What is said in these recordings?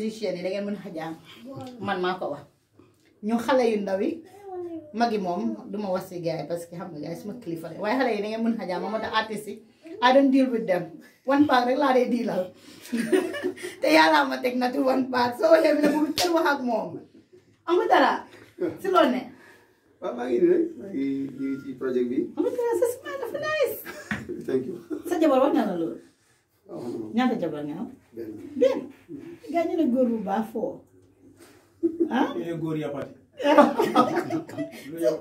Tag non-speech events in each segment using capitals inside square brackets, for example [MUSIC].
musicien yi da ngeen mëna xajam man mako wax ñu xalé yu ndaw yi magi mom, duma wassi gay parce que xam nga gay suma kilifa lay way xalé yi da ngeen mëna xajam xajaam ta artiste yi I don't deal with them one part rek laa dee diilal [LAUGHS] te yàlla ma tek na tu one part so waxee bi ne bëgg kenn wax ak mom am nga dara si lo ne ba ma ngi rek ngi ci project bi am nga dara sa nice thank you sa jabar wax na la loolu Hmm. Nyata jabar nga Ben? benn gaa ñu ne góor bu baax foo ah ñu ne góor yapat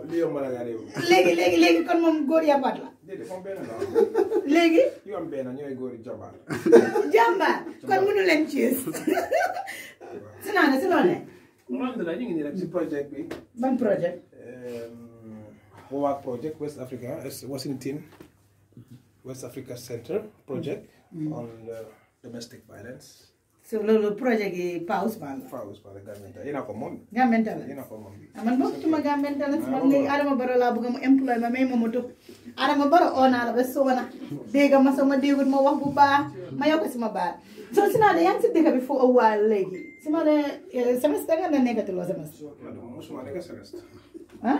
lu yomb la nga réew léegi léegi léegi kon moom góor yapat la déedéet moom benn la léegi yu am benn ñooy góor jàmbaar jàmbaar kon mënu leen ciis si naa ne si loolu ne man dara ñu bi ban projet WOWAC project West Africa eh, Washington West Africa Center project mm. on uh, domestic violence. So lolo project i pause bala. Pause bala government. Ina eh, ko mom. Government ala. Ina ko Aman mo tuma government ala sama ni arama baro la buga mo employ mo may mo to. Arama baro ona la beso na. Dega ma mo degut mo wax bu ba. Ma yok ba. So sina de yang sidde ka before a while legi. Sima de eh, semester nga nekatu lo semester. Musuma nekatu semester. Huh?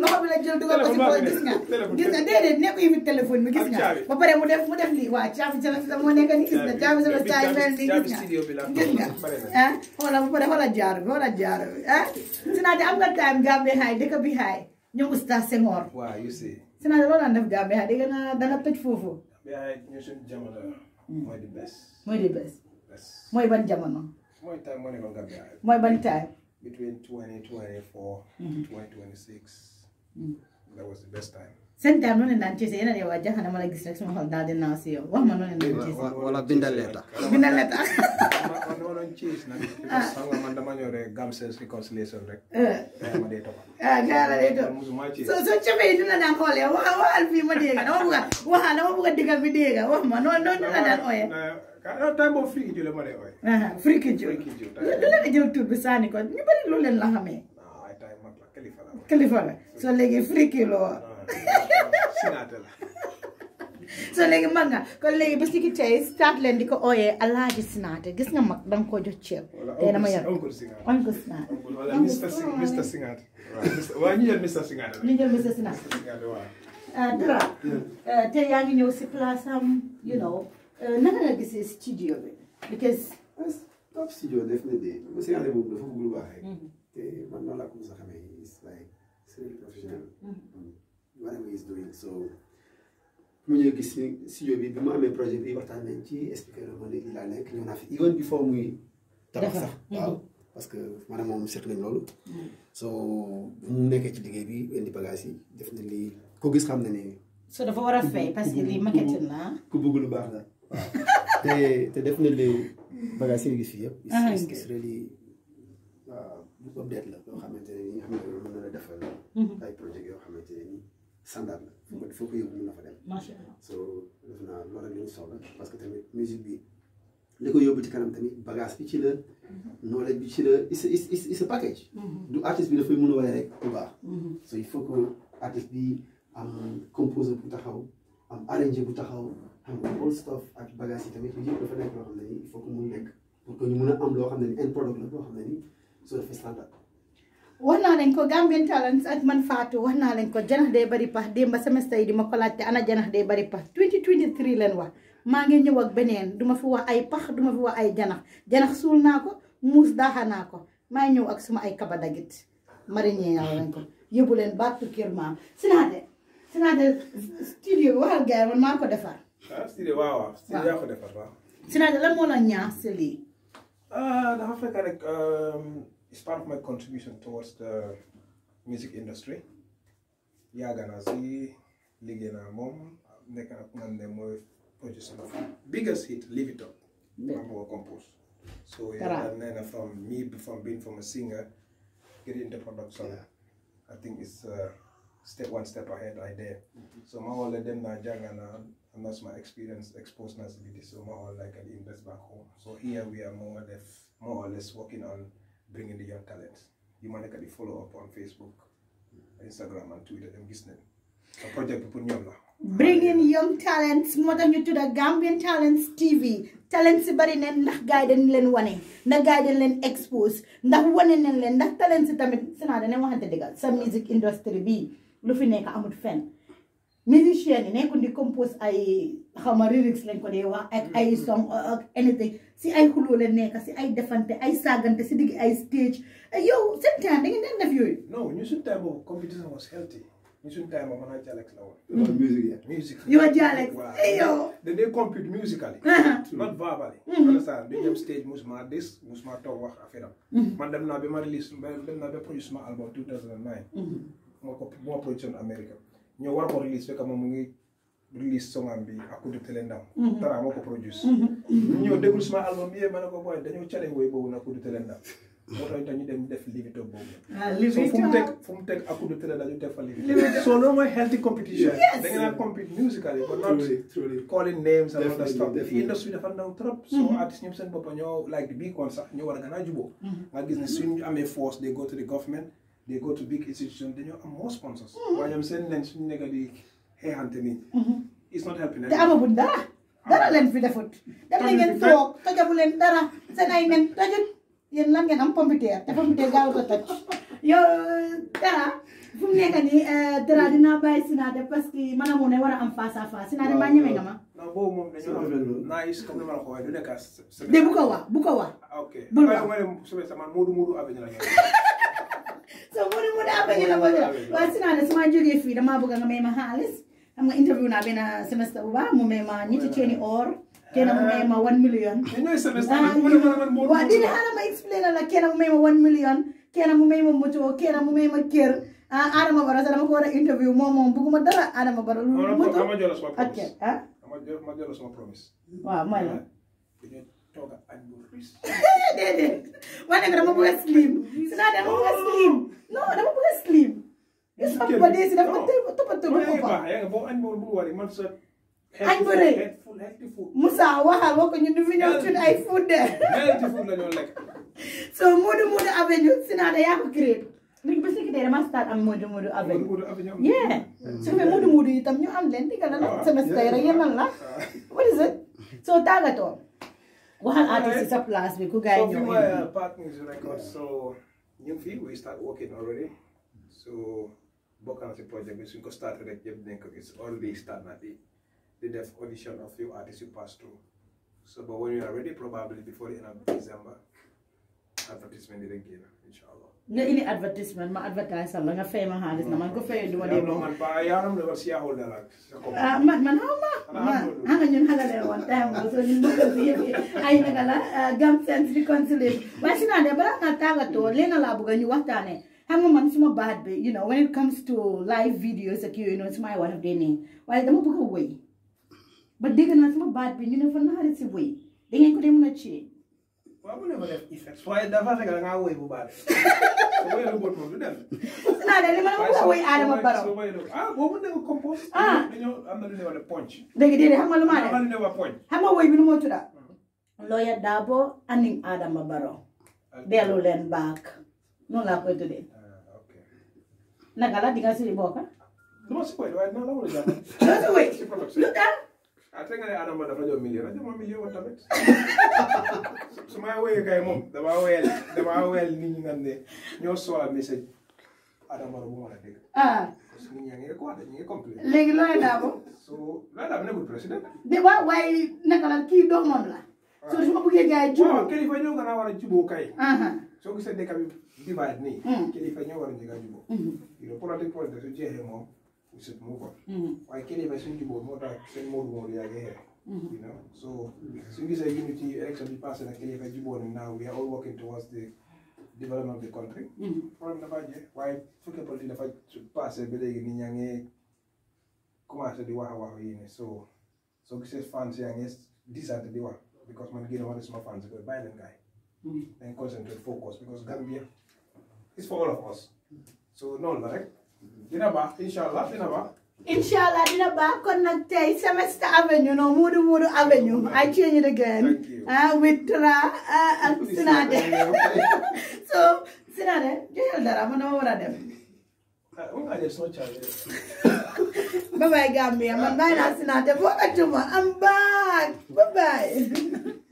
loxo bi la jël dugal ko si booy gis nga gis nga déedéet nekku yi fi téléphone bi gis nga ba pare mu def mu def lii waaw caabi sama si moo nekk ni gis nga caabi sama saa mel nii gis nga gis nga ah xoola ba pare xoola jaaru bi xoola jaaru bi ah sinaate am nga time Gambie xaay dëkk bi xaay ñoom oustaz Senghor waaw you see sinaate loolu daan def Gambie xaay dégg naa da nga tëj foofu hmm. mooy di bes mooy di bes mooy ban jamono mooy time moo nekkoon Gambie xaay mooy ban time between 2024 2026 that was time seen time naan ci yéen a ne waa ma la gis rek sama si yow wax ma noonu naan ci wala bindal leeta bindal leeta noonu ci nag xam nga man dama ñëw rek gam sales reconciliation rek ma dee topp ah wax ma dégg a waxal bi dégg wax ma noonu noonu dina daan ooyee ah temps boobu la ma dee ooyee friki ko ñu bari loolu leen la xamee kilifa ah, la soo léegi friki loo so léegi mag nga kon léegi ba si ki tey start leen di ko ooyee alaaji sinaate gis nga mag danga koo jox ceeb tey dama yor oncle sinaate oncle dara hmm. euh, tey yaa ngi ñëw si place am you know euh, nga gisee studio bi because ah, top studio def na dee monsieur Allé boobu dafa bëgg lu baax rek hmm. te man noonu laa ko mos a xamee very professional. Mm-hmm. Mm-hmm. whatever he's doing so. mu ñëw gis ni studio bi bi mu amee projet bi waxtaan nañ ci expliqué la ma ne lii laa nekk ñëw naa fi even before muy. tabax sax waaw mm-hmm. parce que maanaam moom seq nañ loolu. so mu nekkee ci liggéey bi indi bagages yi def na lii ko gis xam na ne. so dafa war a fay parce que lii maquette na ku bëgg lu baax la [LAUGHS] waaw te te def na lii bagages yi gis fii yëpp. gis gis really waaw update la loo xamante ne ñi nga xam ne ay projet yo xamante ni nii standard la fu ko fu ko fa dem so def naa loolu rek la ñu soxla parce que tamit musique bi liko ko ci kanam tamit bagage bi ci le mhm. knowledge bi ci la it's a package mhm. du artiste bi da fay a way rek bu baax mhm. so il faut que artiste bi am composer bu taxaw am arranger bu taxaw am all stuff ak bagage yi tamit yëpp dafa nekk loo xam ne il faut que mu nekk pour que ñu mën a am loo xam ne nii end product la boo xam ne nii so dafay standard wax naa leen ko Gambian Talents ak man Fatou wax naa leen ko janax day bari pax démb semestre yi di ma ko laajte ana janax day bari pax 2023 leen wax maa ngi ñëw ak beneen duma fi wax ay pax duma fi wax ay janax janax suul naa ko muus daaxa naa ko maa ñëw ak suma ay kaba dagit marinier yàlla lañ ko yóbbu leen baatu kër maam Sinaade Sinaade studio bi waxal gars man maa ko defar. ah studio waaw waaw studio yaa ko defar waaw. Sinaade lan moo la ñaax si lii. Ah, dafa fekk rek. Euh, it's part of my contribution towards the music industry. Yaga na mom, neka nande moy biggest hit, Live It Up, number compose. So yeah, and then from me from being from a singer, getting into production, yeah. I think it's uh, step one step ahead right there. Mm -hmm. So my whole them na jang and and that's my experience exposed this. so my whole like an invest back home. So here we are more or less more or less working on bring in the young talents You might nekk follow up on Facebook Instagram and Twitter dem gis nañ project bi bring in young talents More than you to the Gambian Talents TV talents si in neen ndax gars yi dañ leen wane expose ndax wane nañ leen ndax talents si tamit sinaa danañ Some music industry be. lu fi nekk amul fenn musiciens compose ay xaw ma lyrics lañ ko I song uh, ak anything si ay xuloo la See I ay defante I saagante si digg ay stage eh, Yo, seen temps da ngeen daan def yooyu. non time suñu competition was healthy New suñu temps boobu maanaam Jalex la woon. wala mm-hmm. music You are eh, yow Jalex yow. they compete musically. [LAUGHS] Uh-huh. not verbally. Mm-hmm. Understand? saa bi ñëw stage musuma des musuma toog wax affaire am. Mm-hmm. man dem naa ba ma release dem naa ba produce sama album 2009. moo ko moo production America ñoo war ko release fekk moom mu ngi. release song am bi Akutu mhm. moo ko produce mhm. Mhm. ñu def livito boobu ah, so fu mu teg fu mu teg Akutu fa livito so loolu mooy healthy competition da nga naan musically but not calling names and all so artiste ñoom seen boppa ñoo like bii koon sax ñu war a a juboo nga gis ne suñu amee force they go to the government they go to big institution dañoo am more sponsors waaye ñoom seen leen suñu nekk di xeexante nii. Mm-hmm. it's not happening. te amaguñ dara. dara leen fi The dem na ngeen toog tojabu leen dara seen ay nen tojut yéen lan ngeen am pompiteer te pompiteer gaaw ko toj. yow dara fu mu nekk nii dara dinaa bàyyi Sinadé parce que mana amoon na war a am face à face Sinadé maa ñeme nga ma. non boobu moom dañoo am naa is comme ni ma la ko waxee du nekk de bu ko wax bu sama so Modou Modou Avenue la ko jox waaye Sinadé su ma jógee fii damaa bëgg nga may ma amma interview na bina semester uba mo me ma ni cheni or kena mo me ma 1 ah. million no semester mo na mo wa ma explain la kena mo me ma 1 million kena mo me ma moto kena mo me ma ah, a ada ma bara sama ko interview mo mo buku ma dara ada ma bara lu mo to okay ha ma promise wa ma la dede wana ngara mo buka slim so Modou Modou Avenue Sinaada yaa ko créé léegi bés ki tey start am Modou Modou yeah su fekkee Modou Modou itam ñu am leen digal la ah, semestre rek yéen la what is it so tàggatoo waxal artiste sa place bi ñëw so uh, we start working already so bokk na si projet bi suñ ko starté rek yëpp dinañ ko gis all these start na di di def audition of few artists you pass through so but when you are ready probably before the end of December advertisement dina génn incha allah. nga indi advertisement ma advertise la nga fay ma xaalis na ya, man ko fayee duma dee man ba la war si yaaxul dara. ah man man xaw ma. man nga ñun halale won time boobu so ñun mo si ah, yëf ay ah, naka la gam sense di consulé waaye si naa de balaa nga tàggatoo leen laa bëgg ñu waxtane hanga man suma bad, bi you know when it comes to live videos like you, noonu sumay war a dee nii waaye dama bëgg a wëy ba dégg naa suma baat bi ñu ne fa naxari si wëy da ngeen ko dee mën a ci waaw bu ne ma def effet waaye dafa fekk da ngaa wëy bu baax de wëy lu bon moom du dem naa de li ma ah boobu ne ko am na lu ne wala ponc dégg dégg xam nga lu maa def xam nga lu ne wa lawyer Darboe and Adama Barrow dellu leen baak noonu laa naka la di nga sëy bokka. non si koy waaye dina la war a jàpp. lu tax. ah te nga ne Adama dafa ñëw milieu rajo moom milieu woon tamit su ma wooyee kay moom damaa weel damaa weel nit ñi la bu ah. so looy daabo nekkul président. de waaw waaye naka la kii doomam la. so su ma bëggee gars yi jubóo kilifa ñoo so a war a jubóo so soo gisee dëkk bi divide nii kilifa ñoo war a njëkk a jubóo you know politique politique su jeexee moom we should move on waaye kilifa suñ jubóo moo tax seen moodu moodu yaa ngi xeex you know so su gisee unity election bi passé na kilifa jubóo ni now we are all working towards the development of the country problème dafa jeex waaye fekkee politique dafa passé ba léegi nit ñaa ngi commencé di wax a wax yéene so so gisee fans yang yes, disante di wax because man gain one is my fans a buy guy. Mm -hmm. Then concentrate, focus because Gambia is for all of us. So no like dina ba inshallah dina ba inshallah dina ba kon nag semester avenue no Modou Modou avenue I change it again ah with tra and Sinade [LAUGHS] so Sinade that, I'm dama war a dem uh, bye bye, Gambia. My man has not the I'm back. Bye bye. [LAUGHS]